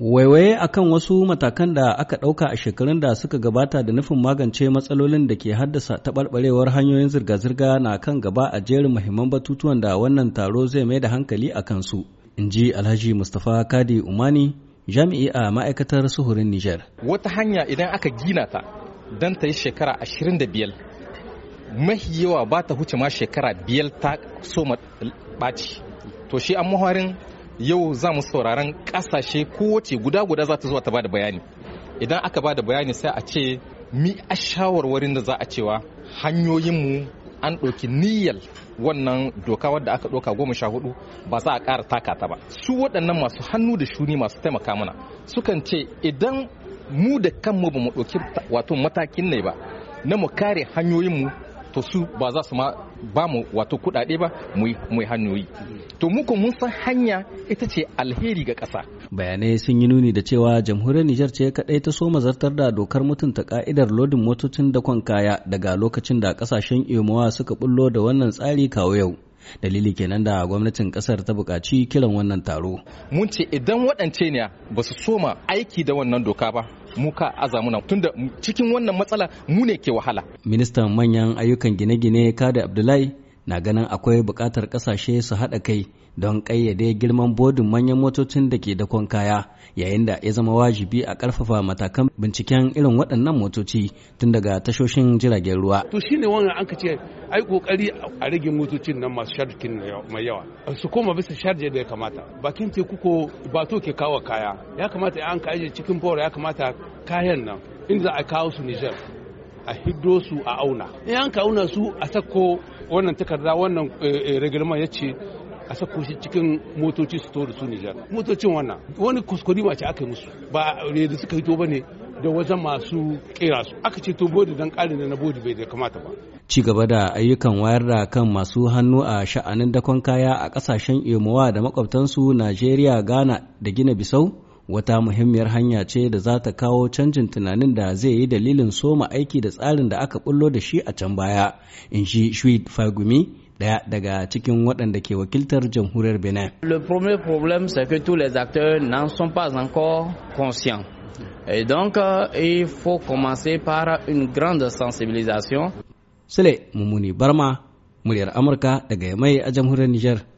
Waiwaye a kan wasu matakan da aka ɗauka a shekarun da suka gabata da nufin magance matsalolin da ke haddasa taɓarɓarewar hanyoyin zirga-zirga na kan gaba a jerin muhimman batutuwan da wannan taro zai mai da hankali a kansu, in ji Alhaji Mustapha Kadi Umani, jami'i a ma'aikatar suhurin Nijar. Wata hanya idan aka gina ta don ta yi shekara ashirin da biyar, mahi yawa ba ta huce ma shekara biyar ta so ɓaci. To shi an muharin yau za mu sauraron kasashe kowace guda guda za ta zuwa ta bada bayani idan aka bada bayani sai a ce mi a shawarwarin da za a cewa hanyoyinmu an ɗauki niyyar wannan doka wadda aka ɗauka goma sha hudu ba za a ƙara taka ta ba su waɗannan masu hannu da shuni masu taimaka mana sukan ce idan mu da kanmu ba mu ɗauki wato matakin ne ba na mu kare hanyoyinmu to su ba za su ma ba mu wato kuɗaɗe ba mu hanyoyi to mu mun san hanya ita ce alheri ga ƙasa bayanai sun yi nuni da cewa jamhuriyar Nijar ce kaɗai ta so mazartar da dokar mutunta ka'idar lodin motocin da kwan kaya daga lokacin da ƙasashen iyomawa suka bullo da wannan tsari kawo yau dalili kenan da gwamnatin kasar ta buƙaci kiran wannan taro mun ce idan waɗance ne ba su soma aiki da wannan doka ba muka aza muna tunda cikin wannan matsala mu ne ke wahala ministan manyan ayyukan gine-gine kada abdullahi na ganin akwai buƙatar ƙasashe su haɗa kai don ƙayyade girman bodin manyan motocin da ke dakon kaya yayin da ya zama wajibi a ƙarfafa matakan binciken irin waɗannan motoci tun daga tashoshin jiragen ruwa. To shi ne wannan an ka ce ai kokari a rage motocin nan masu sharkin mai yawa su koma bisa sharje da ya kamata bakin teku ko ba to ke kawo kaya ya kamata an ka cikin bora ya kamata kayan nan inda za a kawo su Nijar a hiddo su a auna in an auna su a sako wannan takarda wannan eh, eh, reglement ya ce a sako cikin motoci su tori su Nijar. Motocin wannan wani kuskuri mace aka yi musu ba da suka hito ba ne da wajen masu kera su aka ce to bodi dan na bodi bai da kamata ba. Ci gaba da ayyukan wayar da kan masu hannu a sha'anin dakon kaya a kasashen Emowa da makwabtansu Najeriya, Ghana da Gina Bisau wata muhimmiyar hanya ce da za ta kawo canjin tunanin da zai yi dalilin soma aiki da tsarin da aka bullo da shi a can baya in shi shuid fagumi daya daga cikin waɗanda ke wakiltar jamhuriyar benin le premier problème c'est que tous les acteurs n'en sont euh, sule mummuni barma muryar amurka daga yamai a jamhuriyar Nijar.